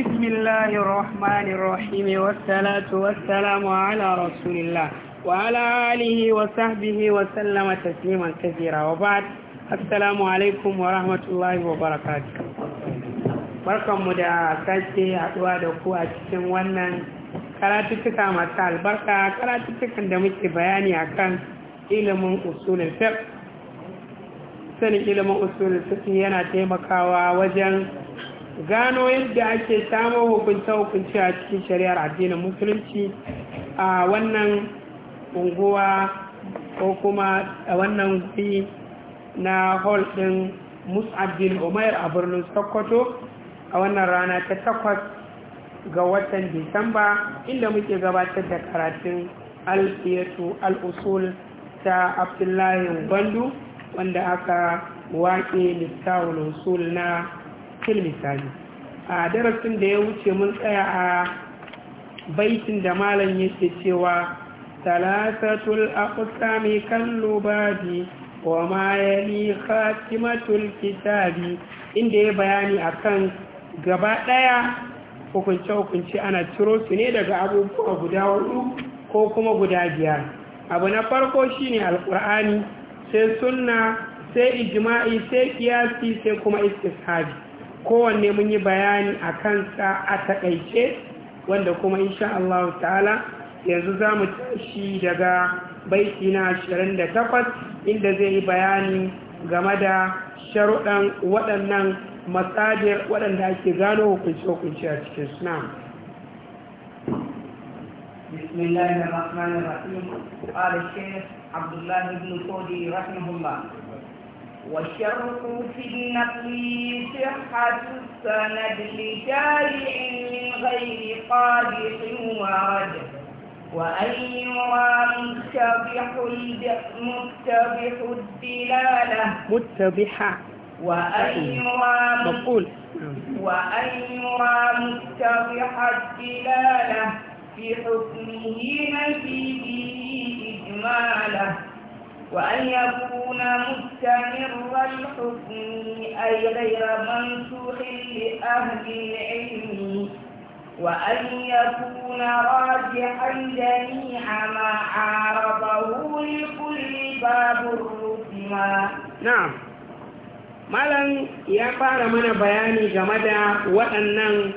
بسم الله الرحمن الرحيم والصلاة والسلام على رسول الله وعلى آله وصحبه وسلم تسليما كثيرا وبعد السلام عليكم ورحمة الله وبركاته barkan mu da sake haɗuwa da ku a cikin wannan karatuttuka masu albarka karatuttukan da muke bayani a kan ilimin usulun fiqh sanin ilimin usulun fiqh yana taimakawa wajen gano yadda ake samo hukunta hukunci a cikin shari'ar addinin musulunci a wannan unguwa ko kuma a wannan guri na hall ɗin musaddin umar a birnin sokoto a wannan rana ta takwas ga watan disamba inda muke gabatar da karatun alfiyatu al-usul ta abdullahi gwandu wanda aka waƙe littawul usul na fil misali a darasin da ya wuce mun tsaya a baitin da malam yake cewa talatatul aqsami kan lubadi wa ma yali khatimatul kitabi inda ya bayani akan gaba daya hukunce hukunce ana ciro su ne daga abubuwa guda hudu ko kuma guda biyar abu na farko shine alqur'ani sai sunna sai ijma'i sai kiyasi sai kuma istishabi kowanne mun yi bayani a kansa a taƙaice wanda kuma insha Allah ta'ala yanzu za mu tashi daga baiki na 28 inda zai yi bayani game da sharuɗan waɗannan matsadiyar waɗanda ake gano hukunce-hukunce a cikin suna بسم الله الرحمن الرحيم قال الشيخ عبد الله بن فودي رحمه الله وشرق في النقل صحة السند لشارع من غير قادح ورد وأن يرى متبح متبح الدلالة متبحة وأن يرى مقبول وأن يرى متبح الدلالة في حكمه نفيه إجماله وأن يكون مستمر الحكم أي غير منسوخ لأهل العلم وأن يكون راجحا جميع ما عارضه لكل باب الرسمة نعم malam ya fara mana bayani game da waɗannan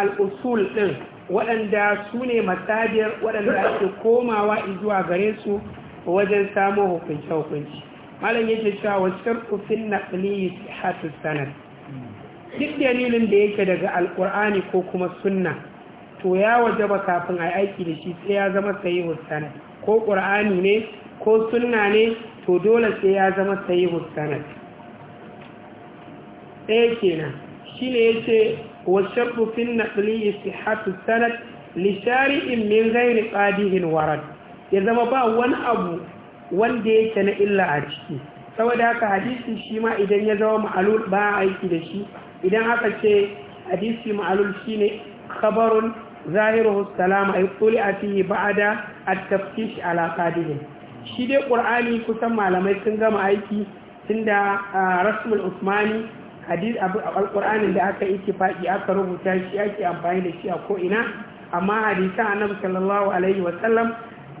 al'usul ɗin waɗanda su ne matsajiyar waɗanda ake komawa zuwa gare su wajen samo hukunce-hukunci malam yake cewa wasu kufin na ƙaliyu hatu sanad duk dalilin da yake daga alƙur'ani ko kuma sunna to ya waje ba kafin a aiki da shi sai ya zama sayi sanad ko ƙur'ani ne ko sunna ne to dole sai ya zama sayi sanad ɗaya kenan shi ne ya ce wasu kufin na ƙaliyu hatu sanad lishari'in min gairi ƙadihin warad ya zama ba wani abu wanda yake na illa a ciki saboda haka hadisi shi ma idan ya zama ma'alul ba aiki da shi idan aka ce hadisi ma'alul shine khabarun zahiruhu salama ay a fihi ba'da at-taftish shi dai ƙur'ani, kusan malamai sun gama aiki tunda rasmul usmani hadis alqur'anin da aka yi faɗi aka rubuta shi ake amfani da shi a ko'ina. amma hadisan annabi sallallahu alaihi wa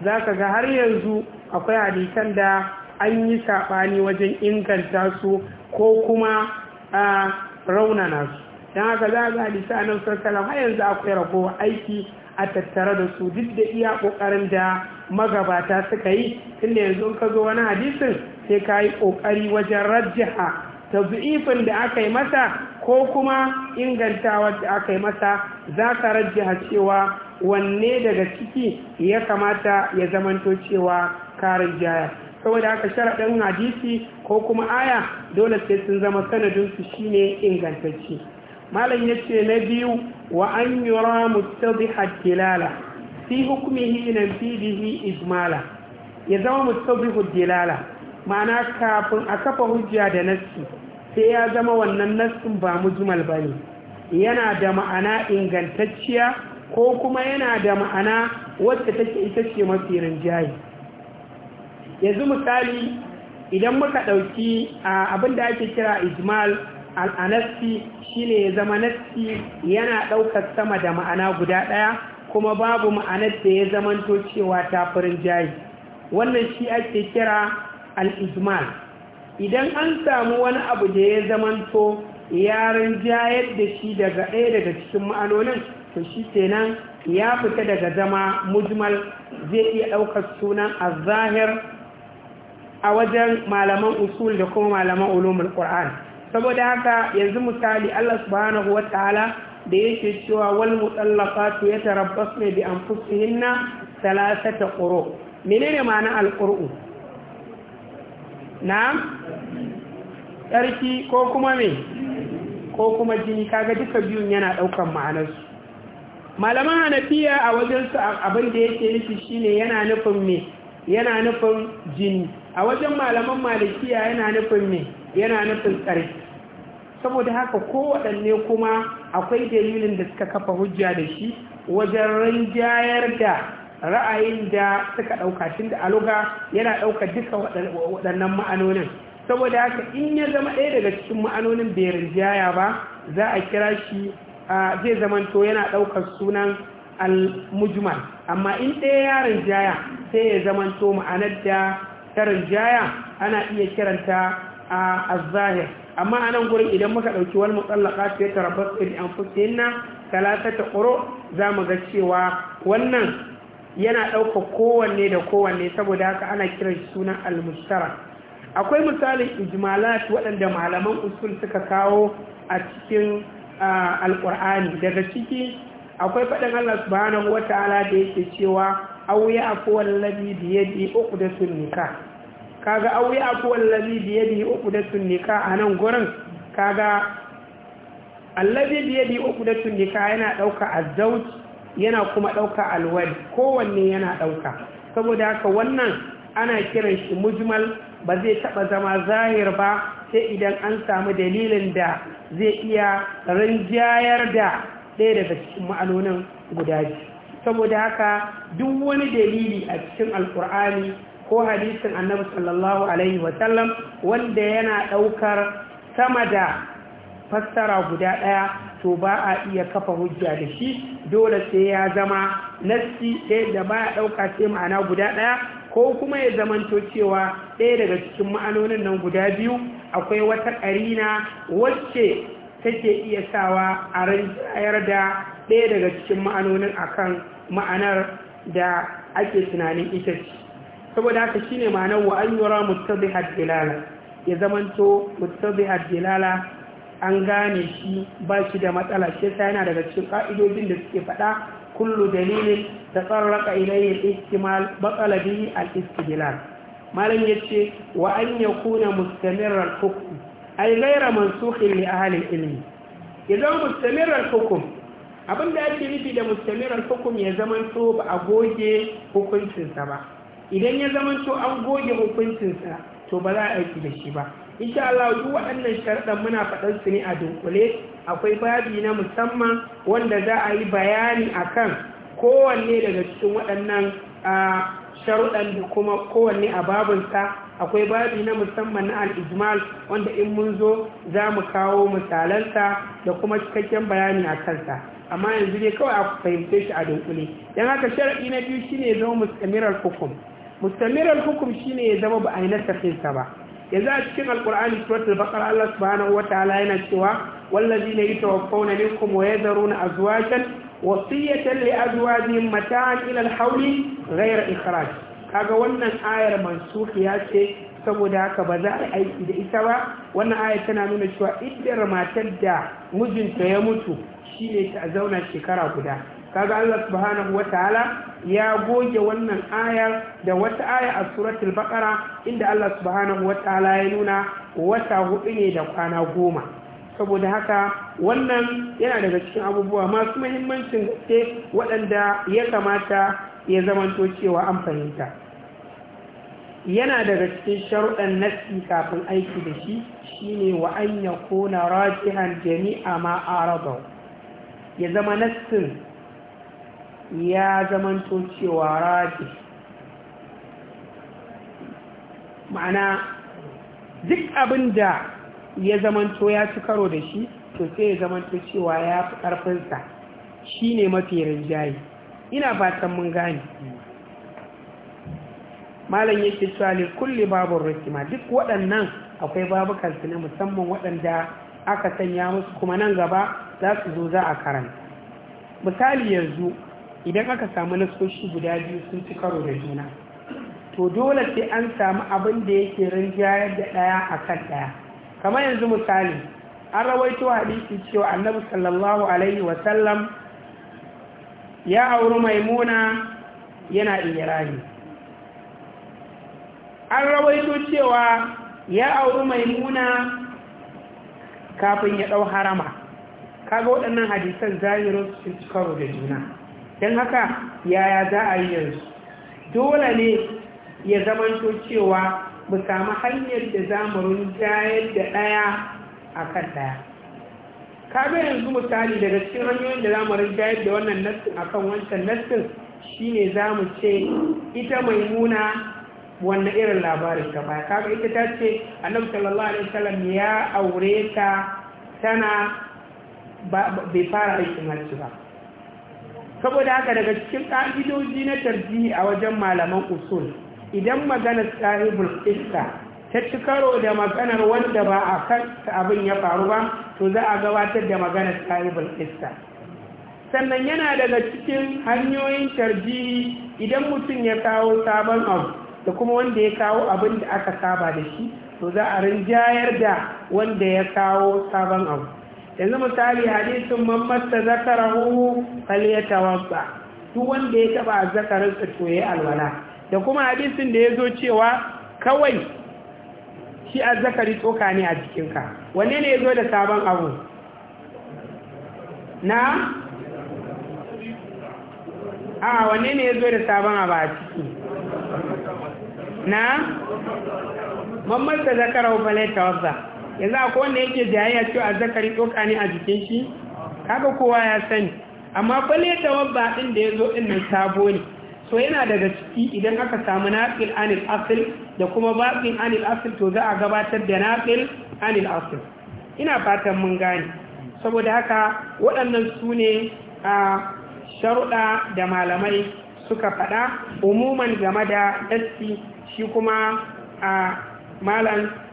za ka ga har yanzu akwai hadisan da an yi saɓani wajen inganta su ko kuma a raunana su don haka za ga hadisa a nan sassalam har yanzu akwai ragowa aiki a tattara da su duk da iya ƙoƙarin da magabata suka yi tun da yanzu ka zo wani hadisin sai ka yi ƙoƙari wajen rajjaha tazu'ifin da aka yi masa ko kuma ingantawar da aka yi masa za ka rajjaha cewa wanne daga ciki ya kamata ya zamanto cewa karin jaya saboda aka sharaɗin hadisi ko kuma aya dole sai sun zama sanadinsu ne ingantacce malam ya ce na biyu wa an yura mustadihar dilala fi hukumihi nan fi bihi ijmala ya zama mustadihar dilala ma'ana kafin a kafa hujja da nassi sai ya zama wannan nassin ba mujmal ba ne yana da ma'ana ingantacciya ko kuma yana da ma'ana wacce take ita ce mafi rinjaye yanzu misali idan muka ɗauki abin da ake kira ijmal al'anassi shine ya zama nassi yana ɗaukar sama da ma'ana guda ɗaya kuma babu ma'anar da ya zamanto cewa ta farin wannan shi ake kira al'ijmal idan an samu wani abu da ya zamanto yaren jayar da shi daga ɗaya daga cikin ma'anonin to shi kenan ya fita daga zama mujmal zai iya ɗaukar sunan a zahir a wajen malaman usul da kuma malaman ulumul qur'an saboda haka yanzu misali Allah subhanahu ta'ala da yake cewa wal mutallaqatu yatarabbasna bi anfusihinna thalathata quru menene ma'ana alqur'u na'am tsarki ko kuma me ko kuma jini kaga duka biyun yana ɗaukan ma'anarsu malaman hanafiya a wajen su abin da yake nufi shine yana nufin me yana nufin jini a wajen malaman malikiya yana nufin me yana nufin tsarki saboda haka kowaɗanne kuma akwai dalilin da suka kafa hujja da shi wajen rinjayar da ra'ayin da suka ɗauka tun da aluga yana ɗauka duka waɗannan ma'anonin saboda haka in ya zama ɗaya daga cikin ma'anonin bai rinjaya ba za a kira shi zai zamanto yana ɗaukar sunan al-mujmal amma in ɗaya ya rinjaya sai ya zamanto ma'anar da ta rinjaya ana iya kiranta a azahir amma a nan gurin idan muka ɗauki wal sai ta rabar tarabbas an fuskina talata ta ƙoro za mu ga cewa wannan yana ɗaukar kowanne da kowanne saboda haka ana kiran sunan al akwai misalin ijmalat waɗanda malaman usul suka kawo a cikin alƙur'ani daga ciki akwai faɗin Allah subhanahu wata'ala da yake cewa auya akwai wallabi da yadi uku da sun kaga auya yadi uku da sun a nan gurin kaga allabi yadi uku da sun yana ɗauka azauci. yana kuma ɗauka alwad kowanne yana ɗauka saboda haka wannan ana kiran shi mujmal ba zai taɓa zama zahir ba sai idan an samu dalilin da zai iya rinjayar da ɗaya daga cikin ma'anonin guda ji saboda haka duk wani dalili a cikin alkur'ani ko hadisin annabi sallallahu alaihi wasallam wanda yana ɗaukar sama da fassara guda ɗaya to ba a iya kafa hujja da shi dole sai ya zama nassi sai da ba ya ɗauka sai ma'ana guda ɗaya ko kuma ya zamanto cewa ɗaya daga cikin ma'anonin nan guda biyu akwai wata ƙarina wacce take iya sawa a rantsayar da ɗaya daga cikin ma'anonin a kan ma'anar da ake tunanin ita ce saboda haka shine ma'anar wa ayyura mutabihat dilala ya zamanto mutabihar dilala an gane shi ba shi da matsala shi sa yana daga cikin ƙa'idojin da suke faɗa kullu dalilin da tsarraka ilayhi ihtimal batsala a al malin malam ce, wa an yakuna kuna mustamirar hukum ai gaira mansukhin li a halin ilm idan mustamirar hukum abinda ake nufi da mustamirar hukum ya ya zamanto ba a goge hukuncinsa ba idan ya zamanto an goge hukuncinsa to ba za a aiki da shi ba insha Allah duk waɗannan sharɗan muna faɗan su ne a dunkule akwai babi na musamman wanda za a yi bayani akan kowanne daga cikin waɗannan sharɗan da kuma kowanne a babinsa akwai babi na musamman na al'ijmal wanda in mun zo za mu kawo misalansa da kuma cikakken bayani a kansa amma yanzu ne kawai a fahimce shi a dunkule don haka sharaɗi na biyu shine ya zama mustamirar hukum mustamirar hukum shine ya zama ba a yi nasafinsa ba yanzu a cikin alkur'ani suratul baqara Allah subhanahu wataala yana cewa wallazina yatawaffawna minkum wa yadharuna azwajan wasiyatan li azwajihim mata'an ila al-hawli ghayra ikhraj kaga wannan ayar mansukhiya ce saboda haka ba za a aiki da ita ba wannan ayar tana nuna cewa iddar matar da mijinta ya mutu shine ta zauna shekara guda kaga Allah subhanahu ta'ala ya goge wannan aya da wata aya a suratul baqara inda Allah subhanahu ta'ala ya nuna wata hudu ne da kwana goma saboda haka wannan yana daga cikin abubuwa masu muhimmancin gaske waɗanda ya kamata ya zamanto cewa an fahimta yana daga cikin sharuɗan nasi kafin aiki da shi shine wa an ya kona rajihan jami'a ma araba ya zama nassin ya zamanto cewa raji ma'ana duk abin da ya zamanto ya ci karo da shi to sai ya zamanto cewa ya fi ƙarfinsa shi ne mafi rinjayi ina fatan mun gane malam yake tsali kulle babin rikima duk waɗannan akwai babukansu na musamman waɗanda aka sanya musu kuma nan gaba za su zo za a karanta misali yanzu idan aka samu nasoshi guda biyu sun ci karo da juna to dole sai an samu abin da yake rinjayar da ɗaya a kan ɗaya kamar yanzu misali an rawaito hadisi cewa annabi sallallahu alaihi wasallam ya auri maimuna yana iyirani an rawaito cewa ya auri maimuna kafin ya ɗau harama kaga waɗannan hadisan zahirin su karo da juna don haka yaya za a yi yanzu dole ne ya zamanto cewa mu samu hanyar da za mu rinjayar da ɗaya a kan ɗaya kaga yanzu misali daga cikin hanyoyin da za mu rinjayar da wannan nassin a kan wancan nassin shine za mu ce ita mai maimuna wannan irin labarin ta baya kaga ita ta ce annabi sallallahu alaihi wasallam ya aure ta tana bai fara aikin hajji ba saboda haka daga cikin ƙa'idoji na tarjihi a wajen malaman usul idan maganar sahibul iska ta ci karo da maganar wanda ba a kan abin ya faru ba to za a gabatar da maganar sahibul iska sannan yana daga cikin hanyoyin tarjihi idan mutum ya kawo sabon abu da kuma wanda ya kawo abin da aka saba da shi to za a rinjayar da wanda ya kawo sabon abu yanzu misali hadisin mamman ta zakara hu ya wabba duk wanda ya taba zakarar to ya alwala da kuma hadisin da ya zo cewa kawai shi a zakari tsoka ne a jikinka wanne ne ya zo da sabon abu na a wanne ne ya zo da sabon abu a ciki na mamman ta zakara hu ya wabba yanzu a wanda yake jayayya cewa azzakari doka ne a jikin shi kaga kowa ya sani amma ta wabba din da ya zo din nan sabo ne so yana daga ciki idan aka samu naqil anil asl da kuma baƙin anil asl to za a gabatar da naqil anil asl ina fatan mun gane saboda haka waɗannan su ne a sharuɗa da malamai suka faɗa umuman game da dasti shi kuma a malam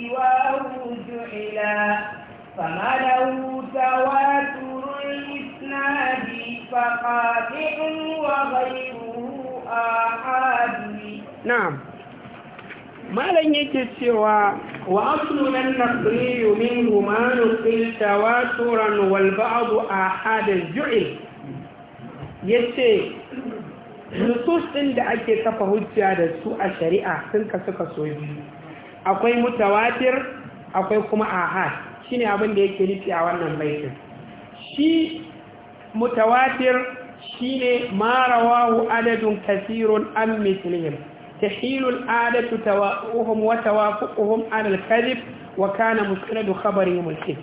Malam جعلا فما malam yake cewa wa aslu an naqliyu minhu ma nuqil tawaturan wal yace nusus ɗin da ake kafa hujja da su a shari'a sun kasu kaso biyu akwai mutawatir akwai kuma ahad shine abin da yake nufi a wannan baitin shi mutawatir shine ma rawahu adadun kathirun an mithlihim tawafuquhum ala al-kadhib wa kana musnadu khabarihim al-kadhib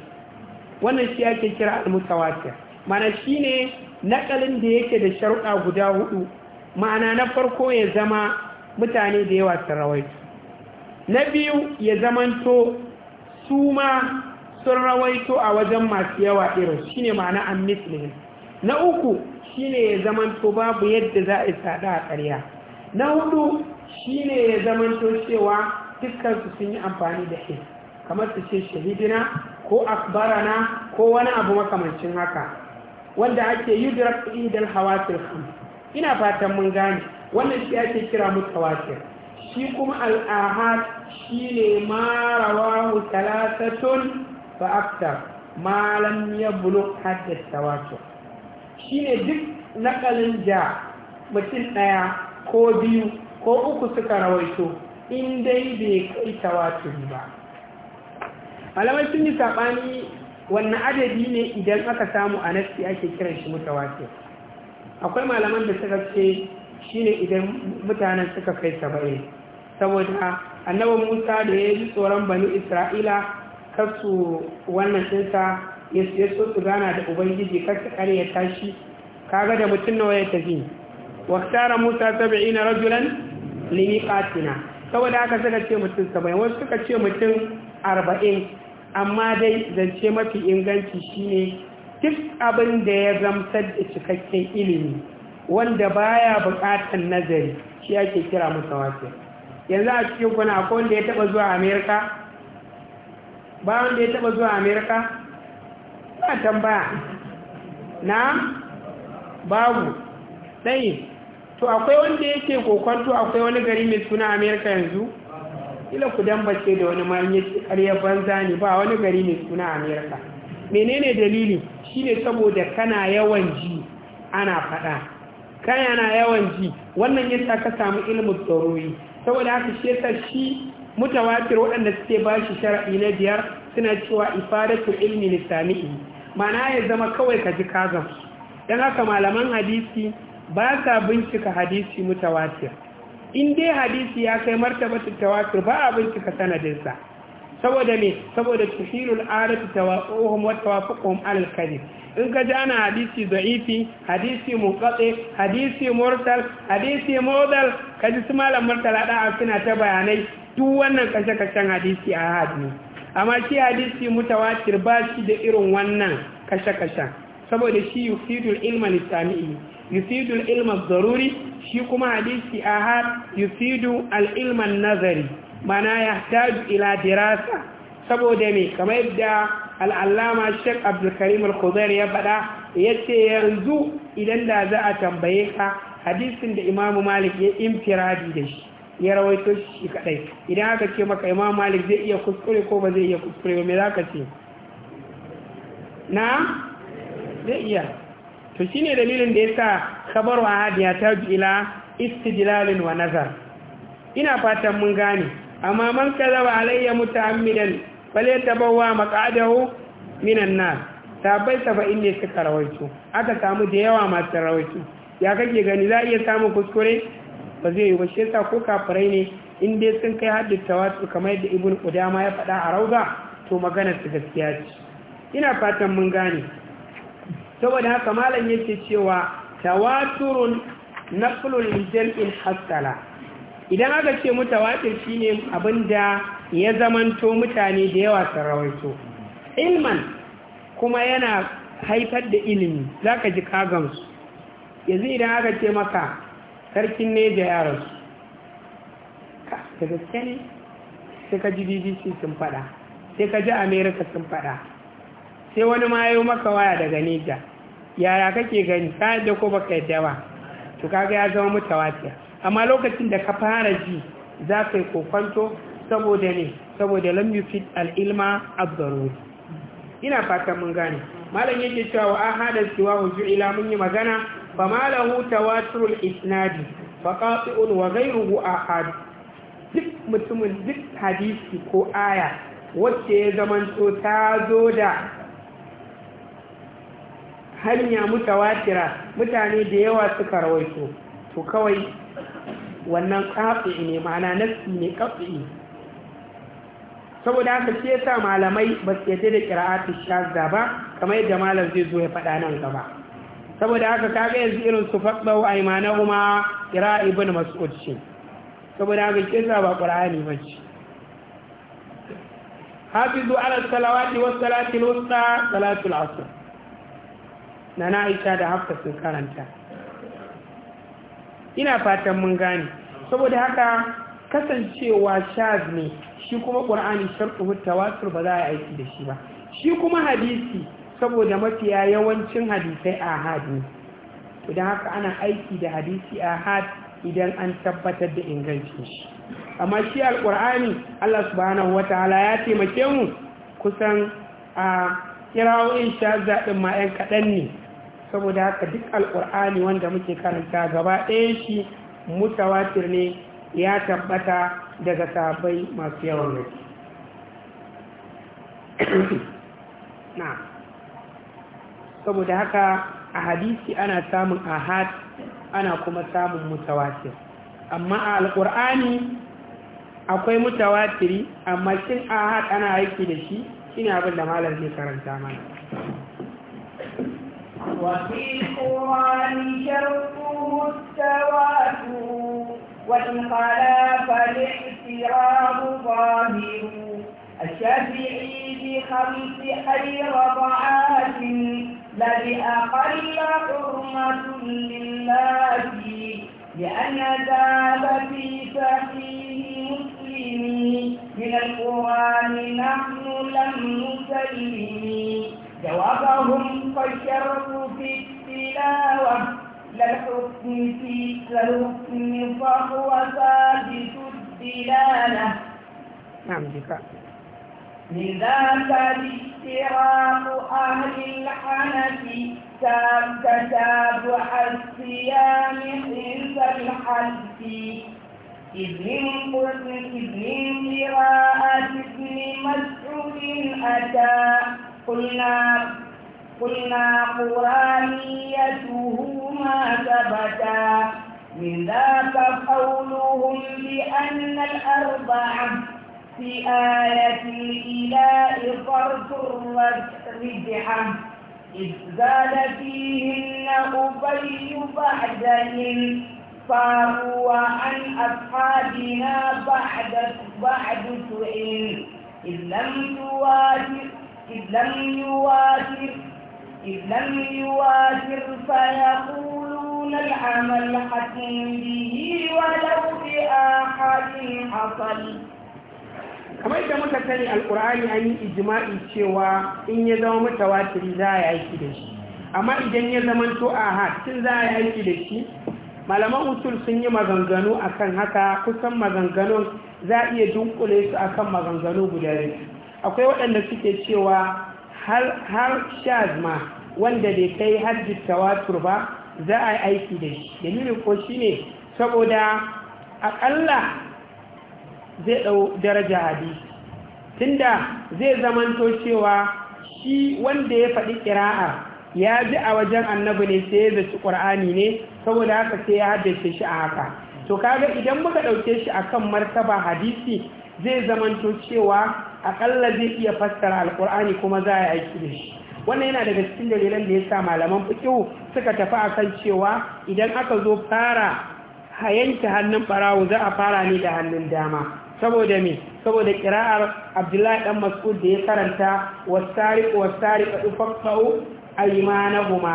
wannan shi ake kira al-mutawatir mana shine nakalin da yake da sharuda guda hudu ma'ana na farko ya zama mutane da yawa sun rawaito na biyu ya zamanto su ma sun rawaito a wajen masu yawa irin shine ma'ana an mislihim na uku shine ya zamanto babu yadda za a sada a ƙarya na hudu shine ya zamanto cewa dukkansu sun yi amfani da shi kamar su ce shahidina ko akbarana ko wani abu makamancin haka wanda ake yudrak idal hawa khams ina fatan mun gane wannan shi ake kira mutawatir shi kuma al'ahad shi ne marawa talatatun ba akta malam ya buluk haddasta wato shi ne duk nakalin da mutum ɗaya ko biyu ko uku suka rawaito in dai bai kai wato ba malamai sun yi saɓani wannan adadi ne idan aka samu a nasi ake kiran shi mutawatir akwai malaman da suka ce shine idan mutanen suka kai saba'in saboda annabi musa da ya yi tsoron bani isra'ila kasu wannan cinsa ya so su gana da ubangiji kasu ya tashi kaga da mutum nawa ya tafi waktara musa saba'i na rajulan katina saboda haka suka ce mutum saba'in wasu suka ce mutum arba'in amma dai zance mafi inganci shine duk abin da ya zamtar da cikakken ilimi wanda baya bukatar nazari shi ake kira masa wasu yanzu a cikin kuna akwai wanda ya taba zuwa amerika ba wanda ya taba zuwa amerika ba tambaya na babu tsayin to akwai wanda yake kokonto akwai wani gari mai suna amerika yanzu ila ku dambace da wani manyan ƙaryar banza ne ba wani gari mai suna amerika menene dalili ne saboda kana yawan ji ana faɗa kana na yawan ji wannan yasa ka samu ilimin tsoroyi saboda haka shi yasa shi mutawatir waɗanda suke ba shi shara'i na biyar suna cewa ifadatu ilmi sami'i, mana ya zama kawai ka ji ka gamsu don haka malaman hadisi ba sa bincika hadisi mutawatir in dai hadisi ya kai martaba tawatir ba a bincika sanadinsa saboda me saboda tuhilul adatu tawaquhum wa tawafuquhum alal kadhib in ka ji ana hadisi da'ifi hadisi muqati hadisi murtal hadisi modal ka ji su malam murtala da suna ta bayanai duk wannan kashe kashen hadisi a hadisi amma shi hadisi mutawatir ba shi da irin wannan kashe kashen saboda shi yufidul ilma lisami'i yufidul ilma zaruri shi kuma hadisi ahad yufidu al ilma nazari mana ya taju ila dirasa saboda ne kamar yadda al'allama shek abdulkarim al-khuzair ya faɗa ya ce yanzu idan da za a tambaye ka hadisin da imamu malik ya infiradi da shi ya rawaito shi kadai idan aka ce maka imam malik zai iya kuskure ko ba zai iya kuskure ba me za ka ce na zai iya to shine dalilin da ya sa kabarwa hadiya ta ila istidlalin wa nazar ina fatan mun gane amma man kazaba alayya muta'ammidan falyatabawwa maq'adahu minan nar bai saba'in ne suka rawaito aka samu da yawa masu rawaito ya kake gani za iya samun kuskure ba zai yi ba shi yasa ko kafirai ne in dai sun kai haddata wasu kamar yadda ibn qudama ya faɗa a rauga to magana ta gaskiya ce ina fatan mun gane saboda haka malam yake cewa tawaturun naqlul jam'in hasala idan aka ce mutawatir shine abinda ya zamanto mutane da yawa sun rawaito ilman kuma yana haifar da ilimi zaka ji kagansu yanzu idan aka ce maka sarkin ne da yaransu da gaske ne sai ka ji bbc sun fada sai ka ji america sun fada sai wani ma yi maka waya daga nija yaya kake gani ka da ko baka yadda ba to kaga ya zama mutawatir amma lokacin da ka fara ji za ka yi kokwanto saboda ne saboda lambi fit al'ilma abdaruri ina fata mun gane malam yake cewa wa an hada siwa hujju ila mun yi magana Ba huta wa turul isnadi fa qati'un wa a ahad duk mutumin duk hadisi ko aya wacce ya zamanto ta zo da hanya mutawatira mutane da yawa suka rawaito to kawai wannan ƙafi ne ma'ana nassi ne ƙafi saboda haka shi sa malamai ba su yadda da ƙira'atu shazza ba kamar yadda malam zai zo ya faɗa nan gaba saboda haka ga yanzu irin su wa a kuma ƙira ibn mas'ud ce saboda haka sa ba ƙura'ani ba ce hafizu ala salawati wa salatil wusta salatul asr na na aisha da hafsa sun karanta ina fatan mun gane saboda haka kasancewa shaz ne shi kuma ƙur'ani sharɗuhu tawatur ba za a aiki da shi ba shi kuma hadisi saboda mafiya yawancin hadisai ahad ne idan haka ana aiki da hadisi a ahad idan an tabbatar da ingancin shi amma shi alƙur'ani Allah subhanahu wataala ya taimake mu kusan a kirawo in sha zaɗin ma 'yan kaɗan ne saboda haka duk alkur'ani wanda muke karanta gaba ɗaya shi mutawatir ne ya tabbata daga sabai masu yawan na saboda haka a hadisi ana samun ahad ana kuma samun mutawatir amma a alkur'ani akwai mutawatiri amma cin ahad ana aiki da shi ne abin da malam zai karanta mana وفي القرآن شرطه التواتر وإن خلاف فالاعتراض ظاهر الشافعي بخمس خير ضعات لا أقل حرمة لله لأن ذاب في صحيح مسلم من القرآن نحن لم نسلم جوابهم فالشرف في التلاوة للحكم في للحكم فهو ثابت الدلالة نعم ذكاء لذاك الاشتراك أهل الحنف كتاب الصيام حرز الحلف إذ من قرن إذ قراءة ابن مسعود أتى قلنا قلنا قرانيته ما ثبتا من ذاك قولهم بأن الأربعة في آية الإله فرد الرجحة إذ زاد فيهن أبي بعد إن صاروا عن أصحابنا بعد بعد سئل إذ لم يواتر إذ لم يواتر لم يوافر فيقولون العمل حكم به ولو بآحد حصل kamar da muka sani alkur'ani an yi ijima'i cewa in ya zama mutawatiri za a yi aiki da shi amma idan ya zama to a tun za a yi aiki da shi malaman usul sun yi maganganu akan haka kusan maganganun za a iya dunkule su akan maganganu guda akwai waɗanda suke cewa har shaz ma wanda bai kai hajji tawatur ba za a yi aiki da shi dalilin ko shi ne saboda aƙalla zai ɗau daraja hadisi tunda zai zamanto cewa shi wanda ya faɗi ƙira'a ya ji a wajen annabi ne sai ya zaci ƙur'ani ne saboda haka sai ya haddace shi a haka to kaga idan muka ɗauke shi akan martaba hadisi zai zamanto cewa aƙalla zai iya fassara alƙur'ani kuma za a yi aiki da shi wannan yana daga cikin dalilan da ya sa malaman fikihu suka tafi a kan cewa idan aka zo fara hayanta hannun farawo za a fara ne da hannun dama saboda me saboda kira'ar abdullahi dan mas'ud da ya karanta wasariq wasariq ufaqqau aymanahuma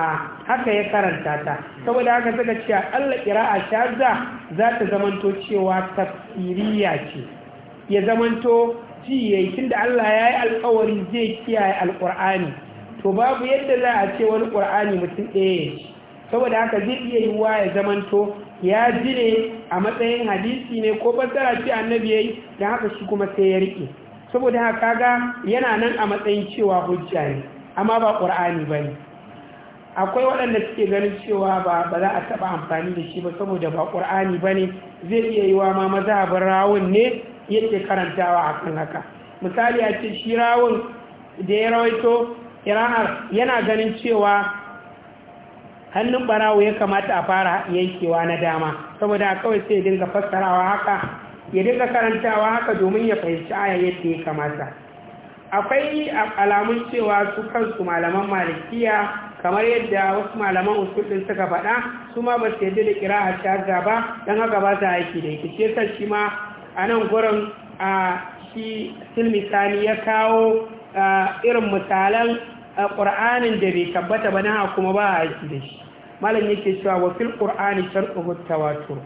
haka ya karanta ta saboda haka suka ce Allah kira'a shazza za ta zamanto cewa tafsiriya ce ya zamanto ji yayin da Allah ya yi alƙawari zai kiyaye alƙur'ani to babu yadda za a ce wani ƙur'ani mutum ɗaya saboda haka zai iya yiwuwa ya zamanto ya ji ne a matsayin hadisi ne ko fassara ce annabi ya yi don haka shi kuma sai ya rike saboda haka ga yana nan a matsayin cewa hujja ne amma ba ƙur'ani ne. akwai waɗanda suke ganin cewa ba ba za a taɓa amfani da shi ba saboda ba ƙur'ani bane zai iya yiwuwa ma mazhabin rawun ne yake karantawa akan haka misali a ce shi rawun da ya rawaito yana ganin cewa hannun barawo ya kamata a fara yankewa na dama saboda kawai sai dinga fassarawa haka ya dinga karantawa haka domin ya fahimci aya yadda ya kamata akwai alamun cewa su kansu malaman malikiya kamar yadda wasu malaman usulun suka faɗa su ma ba su yadda da kira a shaga ba don haka ba ta aiki da yake ce sa shi ma a nan gurin a shi sani ya kawo irin misalan a ƙur'anin da bai tabbata ba na kuma ba a aiki da shi malam yake cewa wa fil qur'ani ta tawatur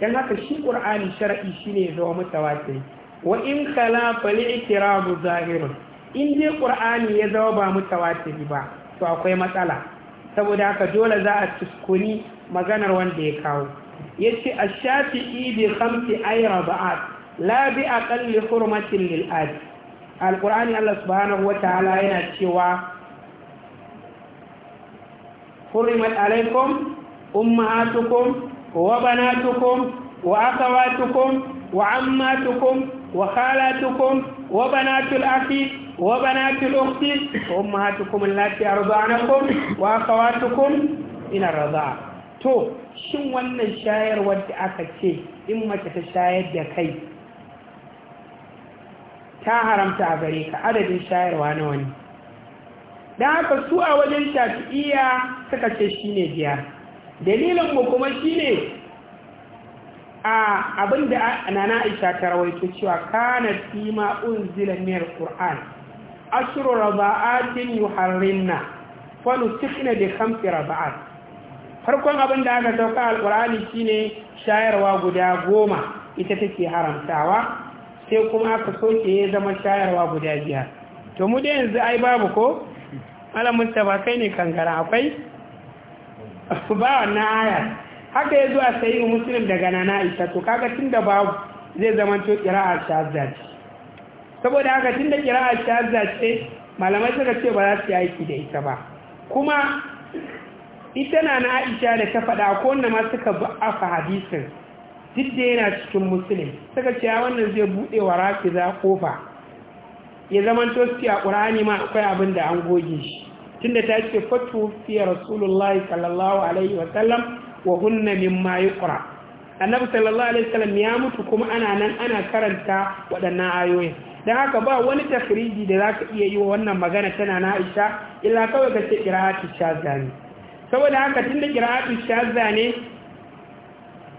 dan haka shi qur'ani shar'i shine ya zama mutawatir wa in kala ikira ikram zahirun in dai qur'ani ya zama ba mutawatir ba to akwai matsala saboda haka dole za a tuskuni maganar wanda ya kawo Ya ce a shafi ibe kamfi ayyar ba'ad la bi aqalli hurmatin lil'ad al-qur'ani Allah subhanahu wa ta'ala yana cewa حرمت عليكم أمهاتكم وبناتكم وأخواتكم وعماتكم وخالاتكم وبنات الأخ وبنات الأخت وأمهاتكم التي أرضعنكم وأخواتكم إلى الرضاعة تو شن wannan الشاعر ود أكتشي إما in يا كي تا حرمت عبريك عدد الشاعر a gare da haka su a wajen shafi'iya suka ce shi ne biyar mu kuma shi ne a abin da nana aisha ta rawaito cewa kana fi ma unzila miyar alquran ashru raba'atin na wa nusikna da kamfi raba'at farkon abin da aka sauka shi ne shayarwa guda goma ita take haramtawa sai kuma aka soke ya zama shayarwa guda biyar to mu da yanzu ai babu ko malam mustapha kai ne kankara akwai ba wannan aya haka ya zuwa sayi musulun daga nana isa to kaga tun da babu zai zama to kira'ar shazza ce saboda haka tun da kira'ar shazza ce malamai suka ce ba za su yi aiki da ita ba kuma ita na na aisha da ta faɗa ko wanda ma suka ba'afa hadisin duk da yana cikin musulun suka ce ya ah, wannan zai buɗe wa rafi za kofa. ya zama suke a ƙurani ma akwai abin da an goge shi tunda ta ce fatu fiye rasulullahi sallallahu alaihi sallam wa hunna mimma yuqra annabi sallallahu alaihi sallam ya mutu kuma ana nan ana karanta waɗannan ayoyin dan haka ba wani tafriji da zaka iya yi wa wannan magana tana na Aisha illa kawai ka ce qira'atu shazani saboda haka tunda qira'atu shazani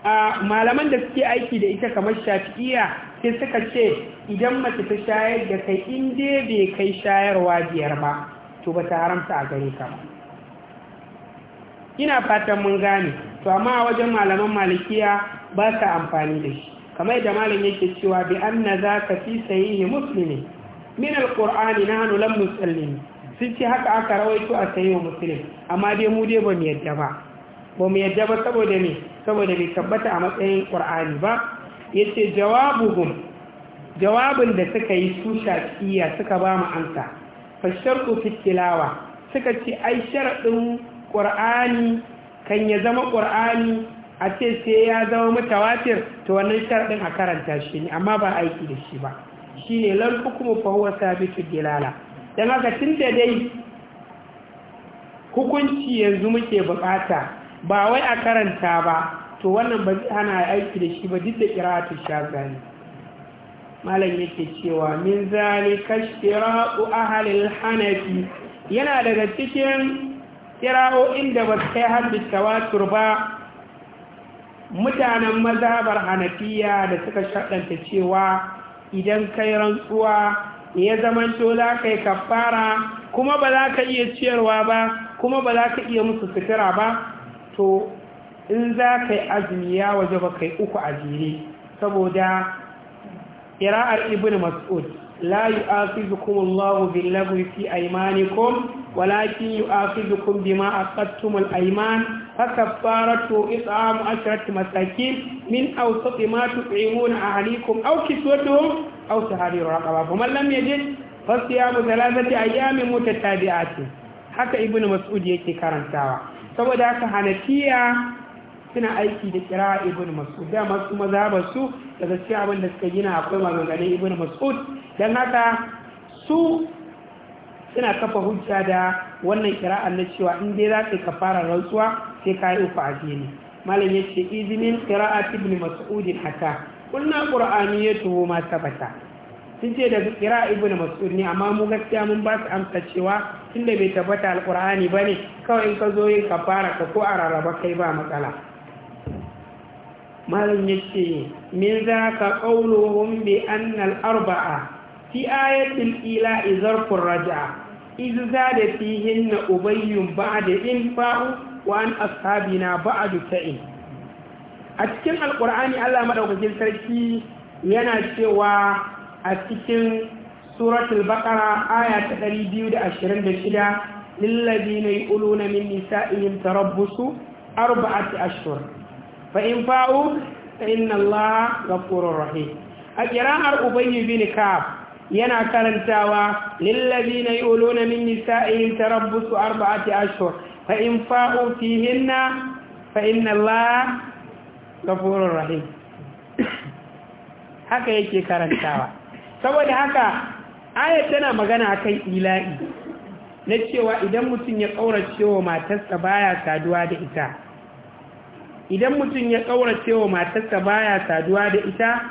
a malaman da suke aiki da ita kamar shafi'iyya sai suka ce idan mace ta shayar da kai in dai bai kai shayarwa biyar ba to ba ta haramta a gare ka ba ina fatan mun gane to amma wajen malaman malikiya ba ka amfani da shi kamar da malam yake cewa bi anna ka fi sahihi muslimin min alqur'ani nahnu lam nusallim sun ce haka aka rawaito a sahihi muslim amma dai mu dai ba mu yadda ba ba mu yadda ba saboda me saboda bai tabbata a matsayin qur'ani ba yace jawabuhum jawabin da suka yi su shafiya suka ba mu ansa fasharku fitilawa suka ce ai sharaɗin ƙur'ani kan ya zama ƙur'ani a ce sai ya zama mutawatir to wannan sharaɗin a karanta shi ne amma ba aiki da shi ba shi ne hukumu kuma huwa sabitu dilala don haka tun da dai hukunci yanzu muke buƙata ba wai a karanta ba to wannan ba zai hana aiki da shi ba duk da ƙira'atun shazani malam yake cewa min zalika shira'u ahli al-hanafi yana daga cikin kira'o'in inda ba kai hadda tawatur ba mutanen mazhabar hanafiya da suka shaɗanta cewa idan kai rantsuwa ya to za ka yi kafara kuma ba za ka iya ciyarwa ba kuma ba za ka iya musu sutura ba to in za ka yi azumi ya waje ba kai uku a jere saboda ƙira'ar ibn mas'ud la yu'afizukum Allahu billaghwi fi aymanikum walakin yu'afizukum bima aqadtum al-ayman fakaffaratu it'am ashrati masakin min awsat ma tut'imuna ahlikum aw kiswatuhum aw tahriru raqaba faman lam yajid fasiyamu thalathati ayyamin mutatabi'atin haka ibn mas'ud yake karantawa saboda haka hanafiya suna aiki da kira ibn mas'ud da masu maza ba su da gaskiya abin da suka gina akwai maganganun ibn mas'ud dan haka su suna kafa hujja da wannan kira'an na cewa in dai za ka kafara rantsuwa sai ka yi a jini malam ya ce izinin kira'at ibn a haka "Kunna ƙur'ani ya tuwo ma bata" sun ce da kira ibn mas'ud ne amma mu gaskiya mun ba su amsa cewa tunda bai tabbata ba ne kawai in ka zo yin kafara ka ko a rarraba kai ba matsala malam yace min za ka qawluhum bi anna al-arba'a fi ayatil ila zarfur raj'a iz zada na ubayyun ba'da in fa'u wa an ashabina ba'du ta'in a cikin Al-Qur'ani, Allah madaukakin sarki yana cewa a cikin suratul baqara aya ta 226 lillazina yuquluna min nisa'ihim tarabbusu arba'ati ashhur fa in fa'u inna Allah ghafurur rahim a kira'ar ubayy bin ka yana karantawa olo yu'luna min nisa'ihim tarabbusu arba'ati ashhur fa in fa'u fihinna fa inna Allah ghafurur rahim haka yake karantawa saboda haka ayat tana magana akan ila'i na cewa idan mutum ya kaurace wa matarsa baya saduwa da ita idan mutum ya ƙaurace wa matarsa baya saduwa da ita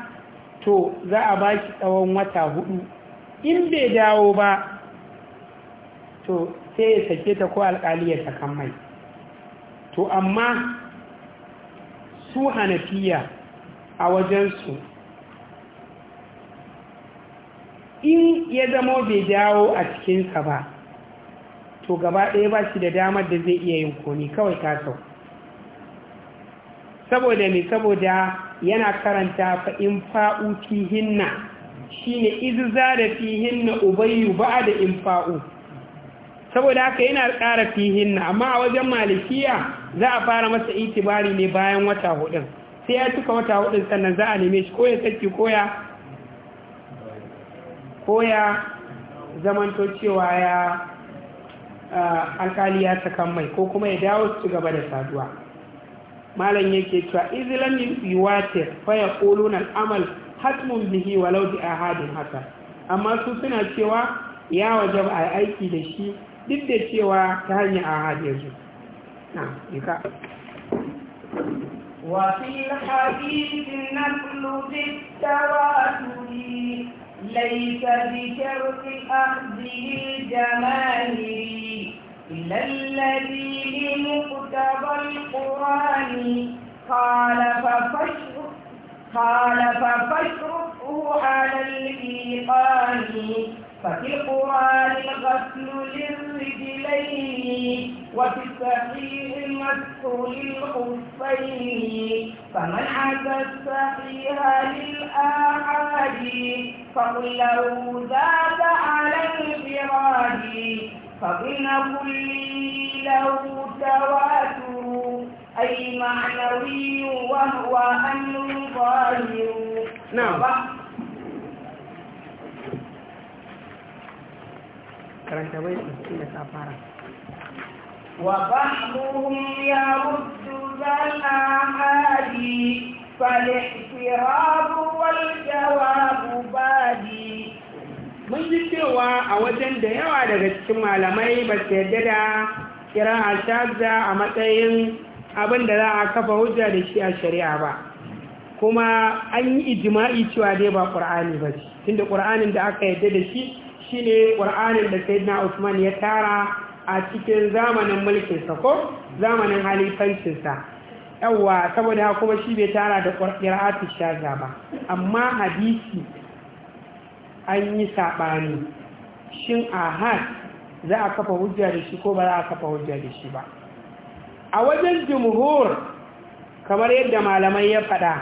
to za a ba shi tsawon wata hudu in bai dawo ba to sai ya sake ta ko alƙali ya sakan mai to amma su hanafiya a wajensu in ya zama bai dawo a cikinsa ba to gaba ɗaya ba shi da damar da zai iya yin koni kawai ta sau saboda ne saboda yana karanta fa in fa'u fihinna ne izza da fihinna ubayyu ba da in fa'u saboda haka yana ƙara fihinna amma a wajen malikiya za a fara masa itibari ne bayan wata hudun sai ya cika wata hudun sannan za a neme shi koya saki koya koya zamanto cewa ya alkali ya sakan mai ko kuma ya dawo su gaba da saduwa malam yake cewa izlam yuwatir fa yaquluna al-amal hatmun bihi walau bi ahadin haka amma su suna cewa ya wajaba a aiki da shi duk da cewa ta hanyar ahadin yanzu na yaka وفي الحديث النقل بالتواتر ليس بشرط أخذه الجماهير إلى الذي بمقتضى القرآن قال ففشرك قال ففشركه على الإيقان ففي القرآن الغسل للرجلين وفي الصحيح مسح للخفين فمن عزى الصحيح للآحاد فقل له ذات على الفراد فضل كل له تواتر أي معنوي وهو أن ظاهر نعم وبعضهم يرد ذا الأعادي فالاحتراب والجواب بادي mun ji cewa a wajen da yawa daga cikin malamai ba su yadda da kira a shaza a matsayin abin da za a kafa hujja da shi a shari'a ba kuma an yi ijima'i cewa dai ba ƙur'ani ba tun tunda ƙur'anin da aka yadda da shi shi ne ƙur'anin da sayyidina usman ya tara a cikin zamanin mulkinsa ko zamanin halifancinsa yawwa saboda kuma shi bai tara da ƙira'atu shaza ba amma hadisi an yi saɓani shin ahad za a kafa hujja da shi ko ba za a kafa hujja da shi ba a wajen jumhur kamar yadda malamai ya faɗa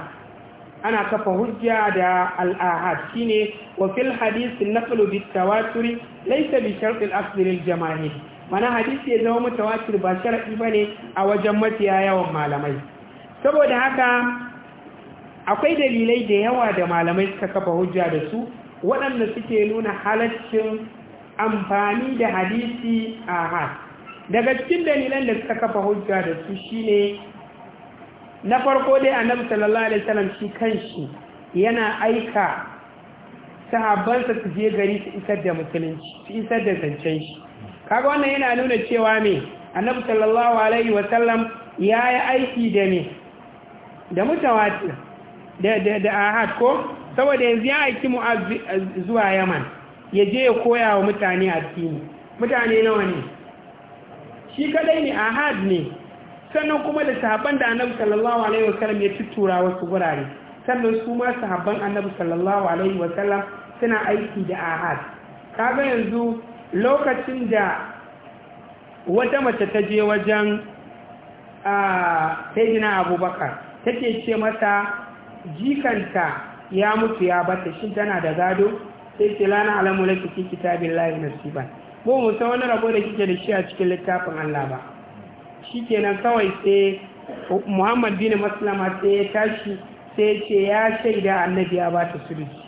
ana kafa hujja da al'ahad shine wa fil hadisi na bit tawaturi laysa bi sharfin asirin jama'i mana hadisi ya zama mutawatir ba ba ne a wajen mafiya yawan malamai saboda haka akwai dalilai da yawa da malamai suka kafa hujja da su waɗanda suke nuna halaccin amfani da hadisi a had daga cikin dalilan da suka kafa hujja da su shine na farko dai annabi sallallahu alaihi wasallam shi kanshi yana aika sahabbansa su je gari su isar da musulunci su isar da zancen shi kaga wannan yana nuna cewa me annabi sallallahu alaihi wasallam ya yi aiki da me da mutawatir da da ahad ko saboda yanzu ya aiki mu'az zuwa yaman ya je ya koya wa mutane addini mutane nawa ne shi kadai ne ahad ne sannan kuma da sahabban da annabi sallallahu alaihi wasallam ya tuttura wasu gurare sannan su ma sahabban annabi sallallahu alaihi wasallam suna aiki da ahad kaga yanzu lokacin da wata mace ta je wajen a ah, sayyidina abubakar take ce masa jikanta ya mutu ya bata shi tana da gado sai ce lana alamu laki ki kitabin na nasiban mu mu san wani rabo da kike da shi a cikin littafin Allah ba kenan kawai sai Muhammad bin Maslama sai ya tashi sai ce ya shaida annabi ya bata sulusi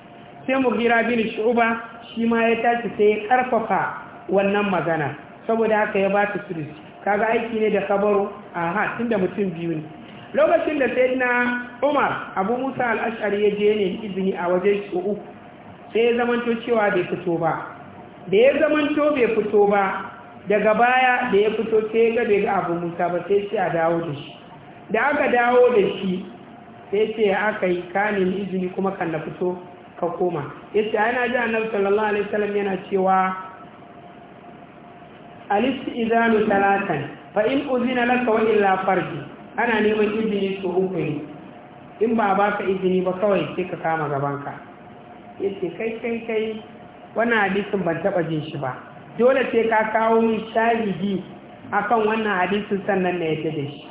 sai Mughira bin Shu'ba shi ma ya tashi sai ya karfafa wannan magana saboda haka ya bata sulusi kaga aiki ne da kabaru aha tunda mutum biyu ne lokacin da sai na umar abu musa al'ashari ya je ne izini a wajen shi uku sai ya zamanto cewa bai fito ba da ya zamanto bai fito ba daga baya da ya fito sai ga bai ga abu musa ba sai sai a dawo da shi da aka dawo da shi sai ce aka yi kanin izini kuma kan na fito ka koma yace ce ana ji annabi sallallahu alaihi wasallam yana cewa alisti talatan fa in uzina laka wa illa farji ana neman izini su uku ne in ba ba ka izini ba kawai sai ka kama gabanka ya ce kai kai kai wannan hadisin ban taɓa jin shi ba dole sai ka kawo min shahidi akan wannan hadisin sannan na yadda da shi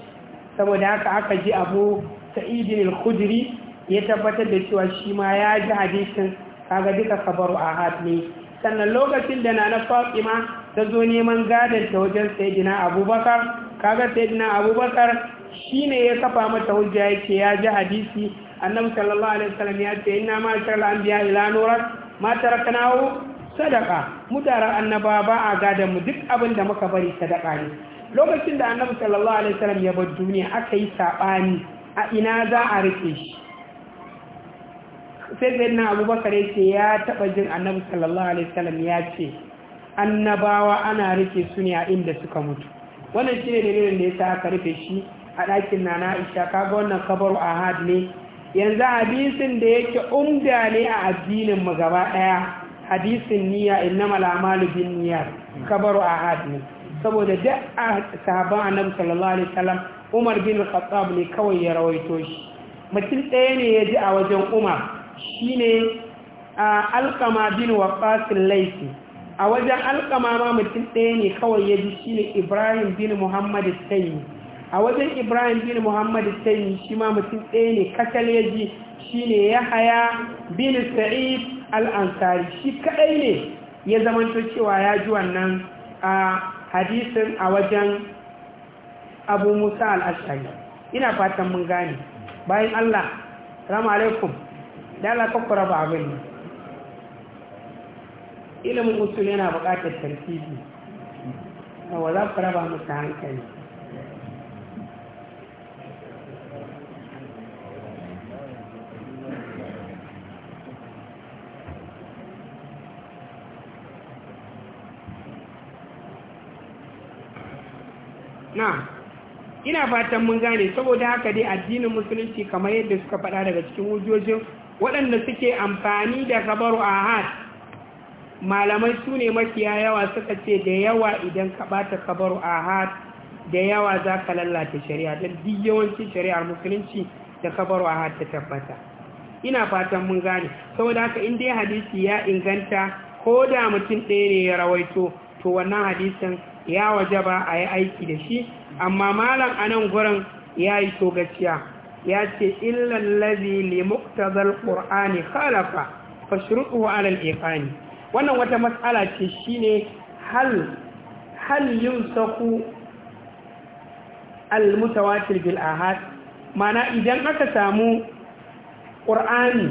saboda haka aka ji abu ta al-khudri ya tabbatar da cewa shi ma ya ji hadisin kaga duka kabaru ahad ne sannan lokacin da na na fatima ta zo neman gadon ta wajen sayyidina abubakar kaga sayyidina abubakar shine ya kafa mata hujja yake ya ji hadisi annabi sallallahu alaihi wasallam ya ce inna ma sharra anbiya ila nurat ma taraknahu sadaka mutara annaba ba a gada mu duk abin da muka bari sadaka ne lokacin da annabi sallallahu alaihi wasallam ya bar duniya aka yi sabani a ina za a rike shi sai abubakar ya ya taba jin annabi sallallahu alaihi wasallam ya ce annabawa ana rike su ne a inda suka mutu wannan shi ne dalilin da ya sa aka rufe shi a ɗakin na na'isha ga wannan kabaru ahad ne yanzu hadisin da yake umda ne a addinin mu gaba ɗaya hadisin niyya innamal malamalu bin niyyat kabaru had ne saboda duk sahaban annabi sallallahu alaihi wasallam Umar bin Khattab ne kawai ya rawaito shi mutum ɗaya ne ya ji a wajen Umar shine alqama bin waqqas laifi a wajen ma mutum ɗaya ne kawai ya ji shi ne ibrahim bin muhammad Sanyi, a wajen ibrahim bin muhammad Sanyi shi ma mutum ɗaya ne kacal ya ji shi ne ya haya bin sa'id al'ansari shi kaɗai ne ya zamanta cewa ya ji wannan a hadisin a wajen abu musa al'ashari ina fatan mun gane bayan allah rama alaikum da allah kakkura ba abin ne ilimin usul yana buƙatar tarkibi wa za ku raba musu hankali na ina fatan mun gane saboda haka dai addinin musulunci kamar yadda suka faɗa daga cikin wujojin waɗanda suke amfani da kabaru ahad malamai su ne mafiya yawa suka ce da yawa idan ka bata kabaru ahad da yawa za ka lallata shari'a don duk yawancin shari'ar musulunci da kabaru ahad ta tabbata ina fatan mun gane saboda haka in dai hadisi ya inganta ko da mutum ɗaya ne ya rawaito to wannan hadisin ya ba a yi aiki da shi amma malam a nan gurin ya yi to gaciya ya ce illallazi li muktazal qur'ani khalafa fashruhu alal iqani wannan wata matsala ce shine hal yin yumsaku al-mutawatir bil ahad mana idan aka samu ƙur'ani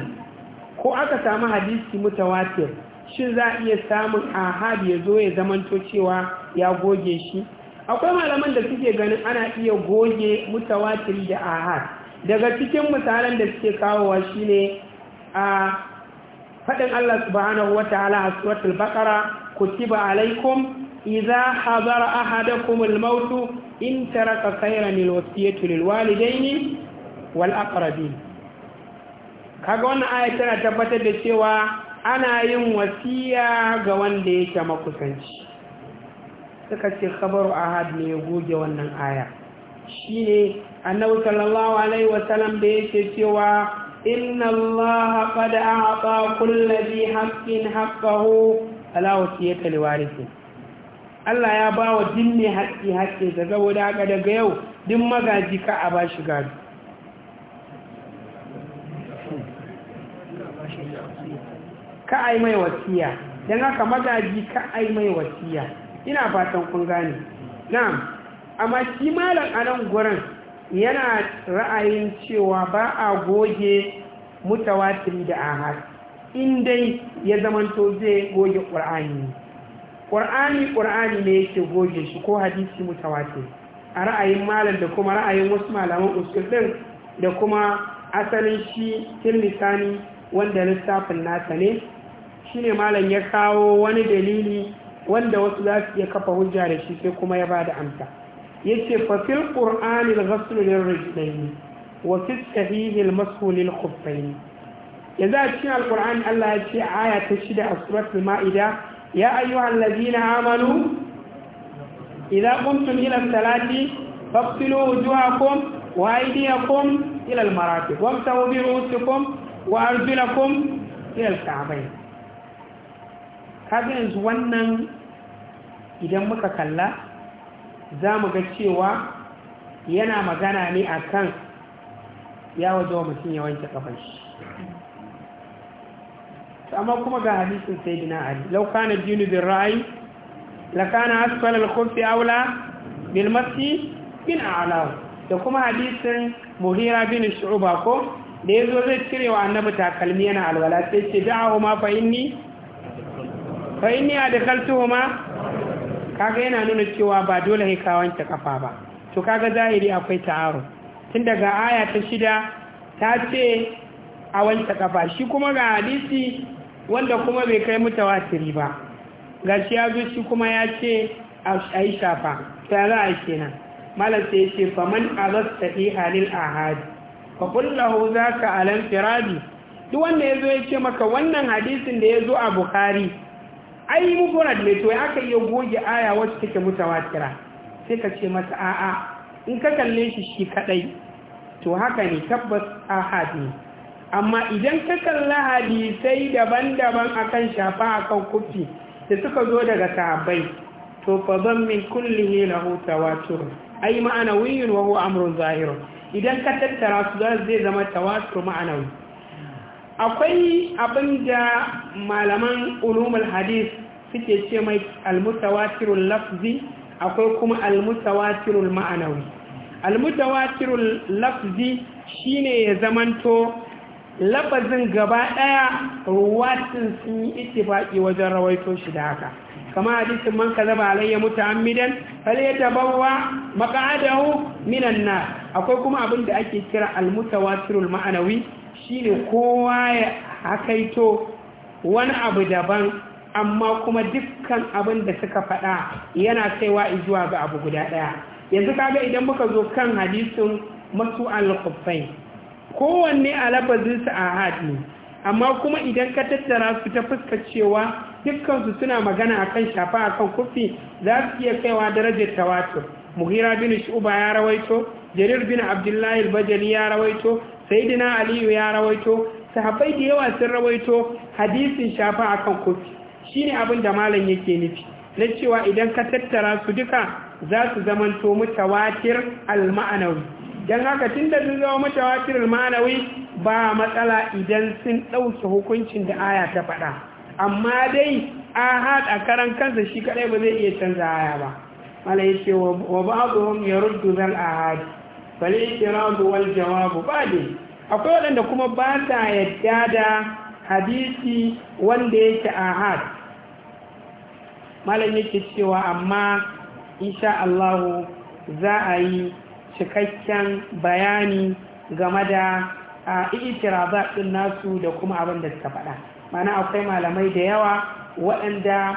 ko aka samu hadisi mutawatir shi za a iya samun ahad ya zo ya zamanto cewa ya goge shi akwai malaman da suke ganin ana iya goge mutawatir da ahad daga cikin misalan da suke kawowa shi ne a ah, faɗin Allah subhanahu wa ta'ala a suratul baqara kutiba alaikum idza hadara ahadakum al-maut in taraka khayran al-wasiyatu lil walidayn wal aqrabin kaga wannan aya tana tabbatar da cewa ana yin wasiya ga wanda yake makusanci suka ce khabaru ahad ne ya goge wannan aya shine annabi sallallahu alaihi wasallam da yake cewa إن الله قد أعطى كل ذي حق حقه فلا وصية لوارثه Allah ya ba wa duk mai haƙƙi haƙƙi da saboda haka daga yau duk magaji ka a ba shi gari. Ka ai mai wasiya, don haka magaji ka ai mai wasiya, ina fatan kun gane. Na'am, amma shi malam anan gurin yana ra'ayin cewa ba a goge mutawatiri da ahad in dai ya zamanto zai goge ƙur'ani ƙur'ani ƙur'ani ne yake goge shi ko hadisi mutawatir a ra'ayin malam da kuma ra'ayin wasu malaman usul da kuma asalin shi tilmisani wanda lissafin nasa ne shi ne malam ya kawo wani dalili wanda wasu za su iya kafa hujja da shi sai kuma ya ba da amsa yace fa fil qur'ani al-ghasl lirrijlayn wa fi sahihi al-mashu lil-khuffayn yanzu a cikin alqur'ani Allah ya ce aya ta shida a suratul ma'ida ya ayyuhal ladina amanu idza qumtum ila as-salati faqtilu wujuhakum wa aydiyakum ila al-marafiq wamsahu bi ru'usikum wa arjulakum ila al-ka'bayn kaga yanzu wannan idan muka kalla za mu ga cewa yana magana ne a kan ya waje wa mutum ya wanke kafan shi amma kuma ga hadisin sai dina ali laukana jini bin ra'ayi lakana asfal al-kufi aula bin masi bin a'law da kuma hadisin muhira bin shu'ba ko da yazo zai cire wa annabi takalmi yana alwala sai ce da'a ma fahimmi a da kaltu kaga yana nuna cewa ba dole sai ka wanke kafa ba to kaga zahiri akwai ta'aru tun daga aya ta shida ta ce a wanke kafa shi kuma ga hadisi wanda kuma bai kai watiri ba ga ya zo shi kuma ya ce a yi shafa to ya za a nan malam sai ya ce man azasta ihalil ahadi fa kullahu zaka alam firadi duk wanda ya zo ya ce maka wannan hadisin da ya zo a bukhari ai mufarad ne to aka iya goge aya wacce take mutawatira sai ka ce masa a'a in ka kalle shi shi kadai to haka ne tabbas a ne amma idan ka kalla sai daban-daban akan shafa akan kufi da suka zo daga sahabbai to fa zan min kullihi lahu tawatur ai ma'ana wiyun wa huwa amrun zahir idan ka tattara su zai zama tawatur ma'anawi akwai abin da malaman ulumul hadis suke ce mai almutawatirul lafzi akwai kuma almutawatirul ma'anawi almutawatirul lafzi shine ya zamanto lafazin gaba daya ruwatin sun yi ittifaqi wajen rawaito shi da haka kama hadisin man kazaba alayya mutaammidan falyatabawwa maq'adahu minan nar akwai kuma abin da ake kira almutawatirul ma'anawi shine kowa ya hakaito wani abu daban amma kuma dukkan abin da suka faɗa yana kaiwa zuwa ga abu guda ɗaya yanzu kaga idan muka zo kan hadisin masu al khuffain kowanne a su a hadi amma kuma idan ka tattara su ta fuska cewa dukkansu suna magana akan shafa akan kufi za su iya kaiwa darajar tawatur muhira bin shuba ya rawaito jarir bin abdullahi al-bajali ya rawaito saidina aliyu ya rawaito sahabbai da yawa sun rawaito hadisin shafa akan kofi shine abin da malam yake nufi na cewa idan ka tattara su duka za su zamanto mutawatir al-ma'anawi dan haka tun da sun zama mutawatir al-ma'anawi ba matsala idan sun ɗauki hukuncin da aya ta faɗa amma dai ahad a karan kansa shi kaɗai ba zai iya canza aya ba malai ce wa ba'dhum yaruddu zal ahadi bali irabu wal jawabu ba ne akwai waɗanda kuma ba sa yadda da hadisi wanda yake ahad malam yake cewa amma insha Allah za a yi cikakken bayani game da a itirabat din nasu da kuma abin da suka faɗa mana akwai malamai da yawa waɗanda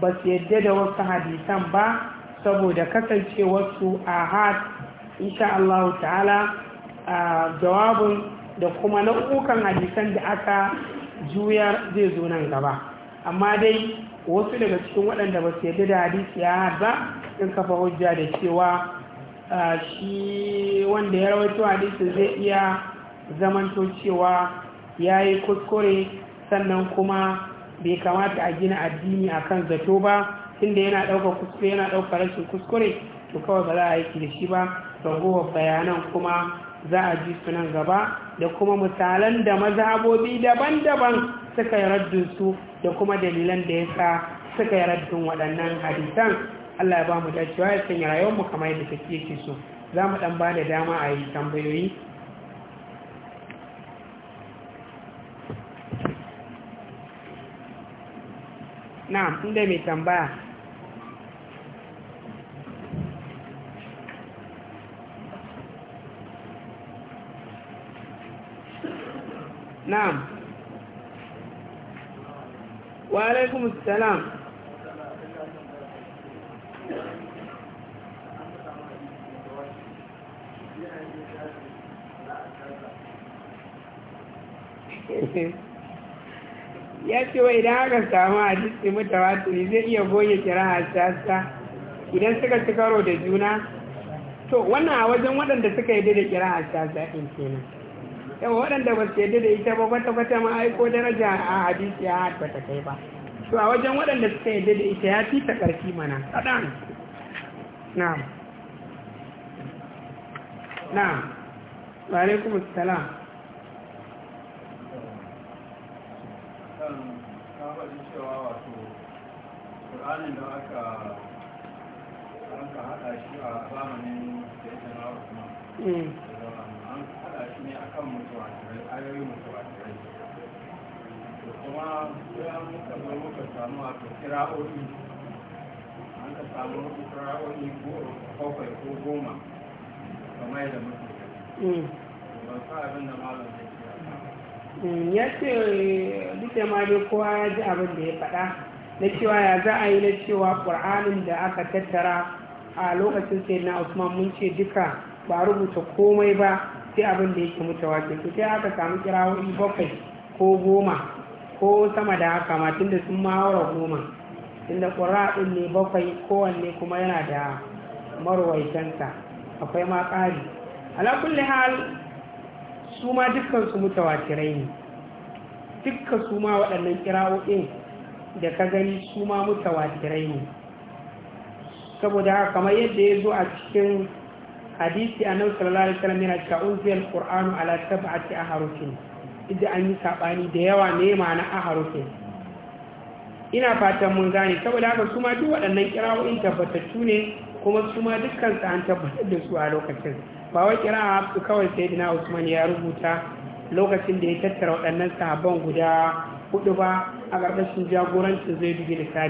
ba su yadda da wasu hadisan ba saboda kasancewarsu ahad insha Allah ta'ala a jawabin da kuma nau'ukan hadisan da aka juya zai zo nan gaba amma dai wasu daga cikin waɗanda ba su yarda da hadisi ya haɗa in kafa hujja da cewa shi wanda ya rawaito hadisi zai iya zamanto cewa ya yi kuskure sannan kuma bai kamata a gina addini a kan zato ba tunda yana ɗaukar kuskure yana ɗaukar rashin kuskure to kawai ba za a yi da shi ba wa bayanan kuma za a ji su nan gaba da kuma misalan da mazhabobi daban-daban suka yi raddin su da kuma dalilan da ya sa suka yi raddin waɗannan hadisan Allah ya ba mu dacewa ya sanya rayuwarmu kamar yadda take yake so za mu ɗan ba da dama a yi tambayoyi na inda mai tambaya نعم وعليكم السلام ya ce wa idan aka samu a jiski mutawatiri zai iya goye kira hasasa idan suka ci karo da juna to wannan a wajen waɗanda suka yi da kira hasasa ɗin kenan yau waɗanda ba su yadda da ita ba kwata-kwata ma aiko daraja a hadisi ya haɗa ta kai ba to a wajen waɗanda suka yadda da ita ya fi ta ƙarfi mana kaɗan Na, na, wa alaikum assalam ƙuranin da aka haɗa shi a zamanin da ya ne akan mutawatirai ayoyi mutawatirai da kuma ya muka zo muka samu a kira'o'i an ka samu kira'o'i bakwai ko goma kamar da muke mm. ban sa abin da malam zai mm, ya ce duk da ma dai kowa ya ji abin da ya faɗa na cewa ya za a yi na cewa ƙur'anin da aka tattara a lokacin sai na usman mun ce duka ba rubuta komai ba sai abin da yake ce su sai aka samu kirawoyi bakwai ko goma ko sama da haka ma tunda sun mahawara goma tunda ƙura ɗin ne bakwai kowanne kuma yana da marwaitansa akwai ma ƙari alakulli hal su ma dukkan su mutawatirai ne dukka su ma waɗannan kirawoyin da ka gani su ma mutawatirai ne saboda haka kamar yadda ya zo a cikin hadisi a sallallahu alaihi wasallam yana cewa unzila alqur'anu ala sab'ati aharufin idan an yi sabani da yawa ne ma'ana aharufin ina fatan mun gane saboda haka su ma duk waɗannan kira'o'in tabbatattu ne kuma su ma dukkan an tabbatar da su a lokacin ba wai kira'a su kawai sai dina usman ya rubuta lokacin da ya tattara waɗannan sahabban guda hudu ba a ƙarƙashin jagorancin zai dubi da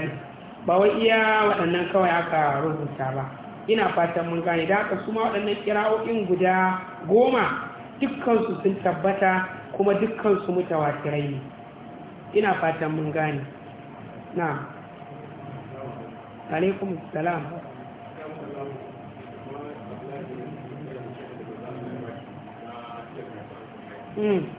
ba wai iya waɗannan kawai aka rubuta ba ina fatan mun gane da haka kuma waɗannan kira'o'in guda goma dukkansu sun tabbata kuma dukkansu mutawatirai ne ina fatan mun gane na alaikum salam Mm.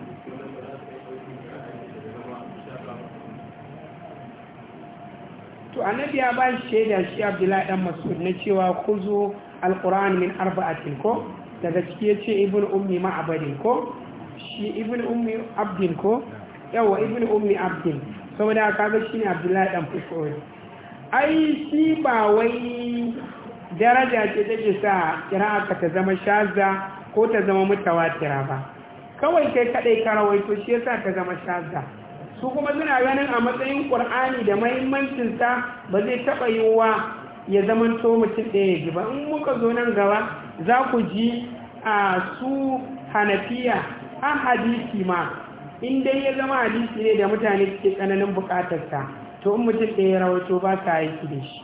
to annabi ya ba shi shaida shi abdullahi dan mas'ud na cewa ku zo alquran min arba'atin ko daga ciki ya ce ibn ummi bari, ko shi ibn ummi abdin ko yawa ibn ummi abdin saboda kaga shi ne abdullahi dan mas'ud ai shi ba wai daraja ce take sa aka ta zama shaza ko ta zama mutawatira ba kawai kai kadai karawai to shi yasa ta zama shaza. su kuma suna ganin a matsayin ƙur'ani da mahimmancinsa ba zai taɓa yiwuwa ya zamanto mutum ɗaya ji ba in muka zo nan gaba za ku ji a su hanafiya a hadisi ma in dai ya zama hadisi ne da mutane suke tsananin buƙatarsa to in mutum ɗaya rawato ba ka aiki da shi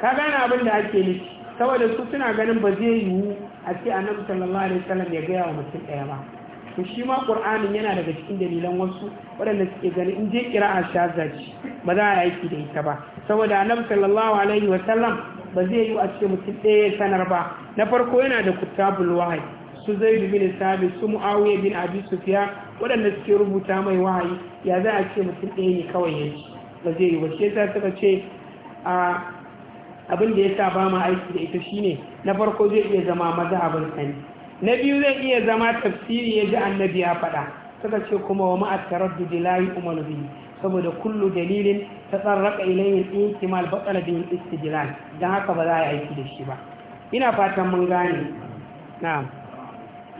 ka gane abin da ake nufi saboda su suna ganin ba zai yiwu a ce annabi sallallahu alaihi wasallam ya gaya wa mutum ɗaya ba to shi ma qur'anin yana daga cikin dalilan wasu waɗanda suke gani in je kira'a shazaji ba za a aiki da ita ba saboda annabi sallallahu alaihi wa sallam ba zai yi a ce mutum ɗaya sanar ba na farko yana da kutabul wahyi su zaid bin sabi su muawiya bin abi waɗanda suke rubuta mai wahayi ya za a ce mutum ɗaya ne kawai ya yanzu ba zai yi ba shi yasa suka ce a abin da ya sa ba ma aiki da ita shine na farko zai iya zama mazhabin sani na biyu zai iya zama tafsiri ya ji annabi ya faɗa suka ce kuma wa ma'at taraddudi la yu'mal bihi saboda kullu dalilin ta tasarraqa ilayhi al-ihtimal batala bihi al-istidlal dan haka ba za a yi aiki da shi ba ina fatan mun gane na'am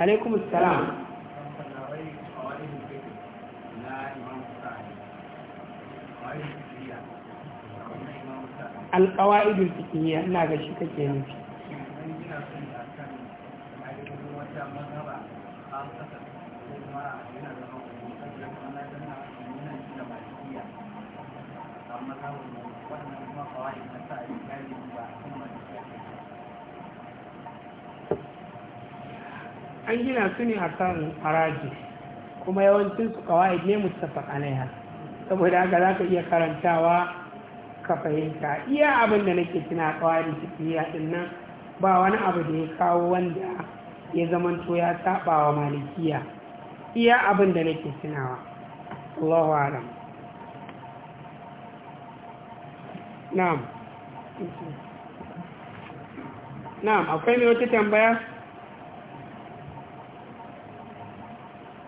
alaikum assalam alƙawa'idul fiqhiyya ina ga shi kake nufi an gina su ne a kan haraji kuma yawancin su kawai ne Mustapha. alaiha saboda haka za ka iya karantawa ka fahimta iya abin da nake tuna kawai fikiya din dinnan ba wani abu da ya kawo wanda ya zamanto ya saba wa malikiya iya abin da nake tunawa Allahu alam na'am na'am akwai mai wata tambaya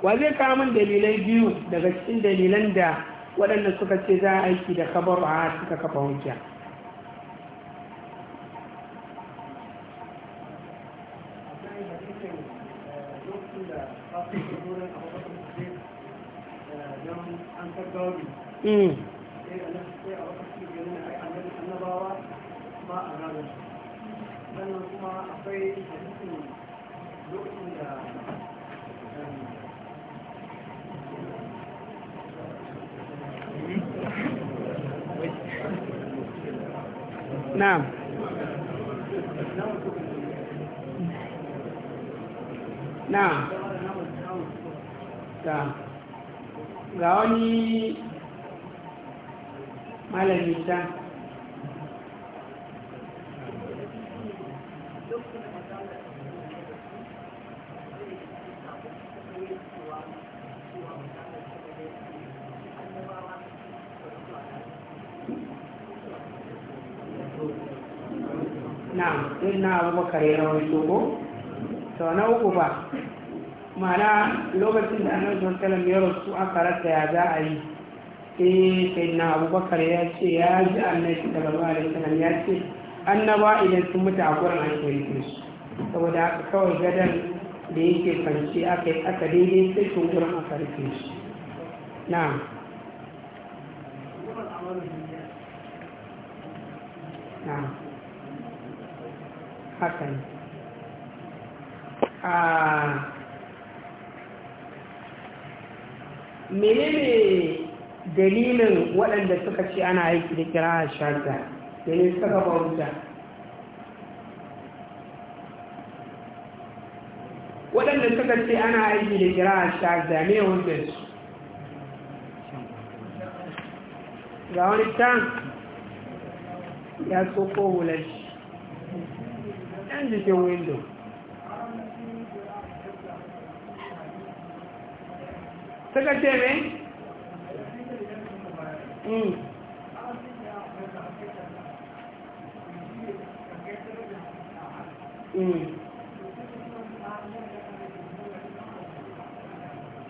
wa zai kawo min dalilai biyu daga cikin dalilan da waɗanda suka ce za a aiki da kabar a suka kafa hujja Mm. ga wani malami ta na eh, na abubakar yana wani shogo sau na uku ba mana lokacin da annabi sallallahu ya rasu aka rasa ya za a yi sai sai na abubakar ya ce ya ji annabi sallallahu alaihi wasallam ya ce annaba idan sun mutu a gurin an shirye su saboda kawai gadan da yake kwanci aka yi aka daidai sai sun gurin aka rufe shi na na haka ne ah. menene dalilin waɗanda suka ce ana aiki da kira a shata da ne suka wuta waɗanda suka ce ana aiki da kira a shata ne wanda su ga wani can ya so ko hular shi ɗan jikin window suka ce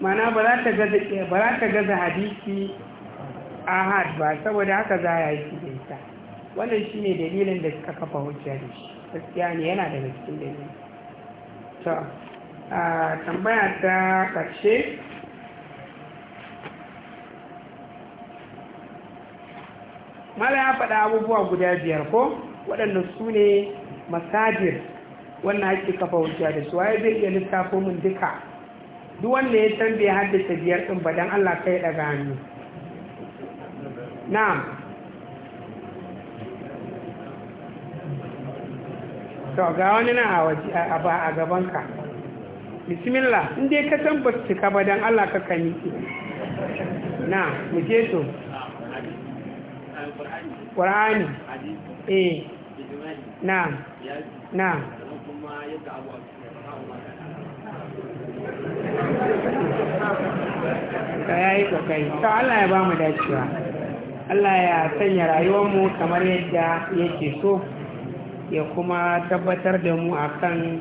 mana ba za ta gaza hadisi ahad ba saboda haka za a yi da wannan shi ne dalilin da suka kafa da shi gaskiya ne yana daga cikin dalilin to a tambaya ta ƙarshe mala ya faɗa abubuwa guda biyar ko waɗanda su ne masajir wannan ake kafa hujja da su waye zai iya lissafo min duka duk wanda ya san bai haddace biyar ɗin ba dan Allah kai daga hannu na'am to ga wani na a waje a ba a gaban ka bismillah in dai ka san ba su cika ba dan Allah ka kani na mu je to ƙwarani eh na na ta ya yi kokari ta Allah ya ba mu dacewa Allah ya sanya mu kamar yadda yake so ya kuma tabbatar da mu akan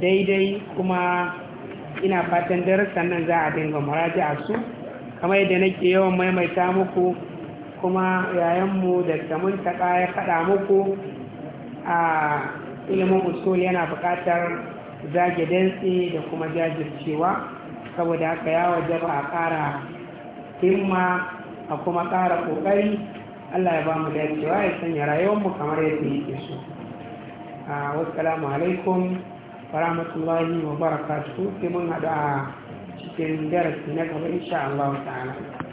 daidai kuma ina fatan darussan nan za a dinga muraja a su kamar yadda nake yawan maimaita muku kuma yayanmu da samun taƙa ya faɗa muku a ilimin usul yana buƙatar zage dantse da kuma jajircewa saboda haka ya wajaba a ƙara himma a kuma ƙara ƙoƙari allah ya ba mu dacewa ya sanya rayuwarmu kamar yadda yake so wassalamu alaikum wa rahmatullahi wa barakatuhu sai mun haɗu a cikin darasi na gaba insha Allah ta'ala